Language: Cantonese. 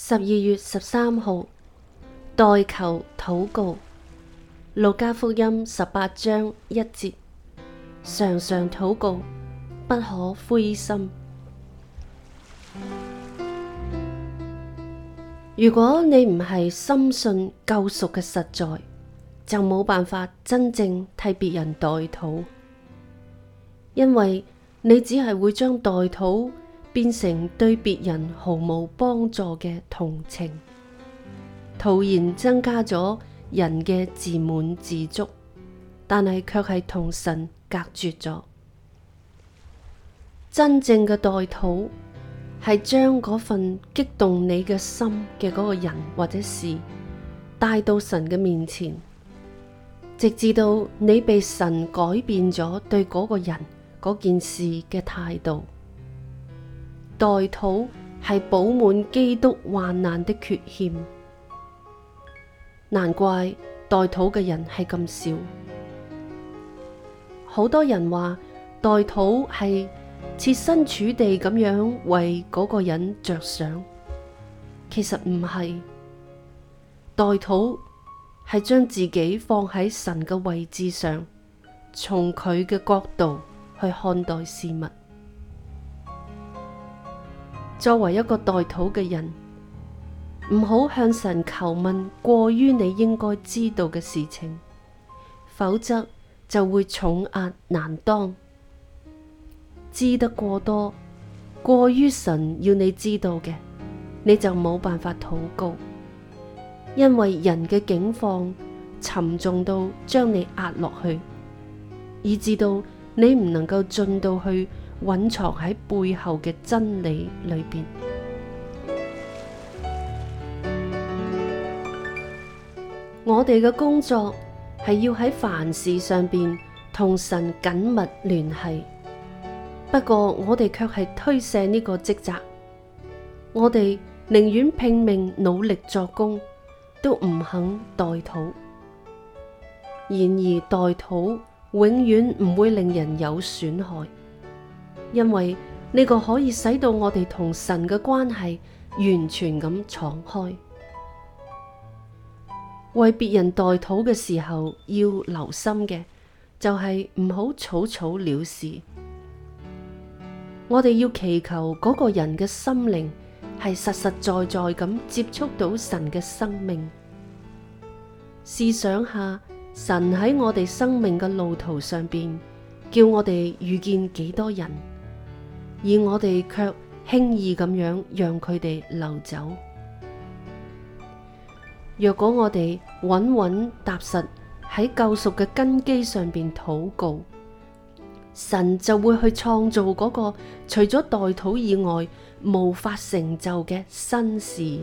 十二月十三號代求禱告，路加福音十八章一節，常常禱告，不可灰心。如果你唔係深信救贖嘅實在，就冇辦法真正替別人代禱，因為你只係會將代禱。變成對別人毫無幫助嘅同情，徒然增加咗人嘅自滿自足，但係卻係同神隔絕咗。真正嘅代禱係將嗰份激動你嘅心嘅嗰個人，或者事帶到神嘅面前，直至到你被神改變咗對嗰個人、嗰件事嘅態度。代土係補滿基督患難的缺欠，難怪代土嘅人係咁少。好多人話代土係設身處地咁樣為嗰個人着想，其實唔係。代土係將自己放喺神嘅位置上，從佢嘅角度去看待事物。作為一個代禱嘅人，唔好向神求問過於你應該知道嘅事情，否則就會重壓難當。知得過多，過於神要你知道嘅，你就冇辦法禱告，因為人嘅境況沉重到將你壓落去，以致到你唔能夠進到去。隱藏喺背後嘅真理裏邊。 我哋嘅工作係要喺凡事上邊同神緊密聯繫，不過我哋卻係推卸呢個職責。我哋寧願拼命努力作工，都唔肯代禱。然而代禱永遠唔會令人有損害。因為呢個可以使到我哋同神嘅關係完全咁敞開。為別人代禱嘅時候要留心嘅，就係唔好草草了事。我哋要祈求嗰個人嘅心靈係實實在在咁接觸到神嘅生命。試想下，神喺我哋生命嘅路途上邊，叫我哋遇見幾多人？而我哋卻輕易咁樣讓佢哋流走。若果我哋穩穩踏實喺救贖嘅根基上邊禱告，神就會去創造嗰個除咗代禱以外無法成就嘅新事。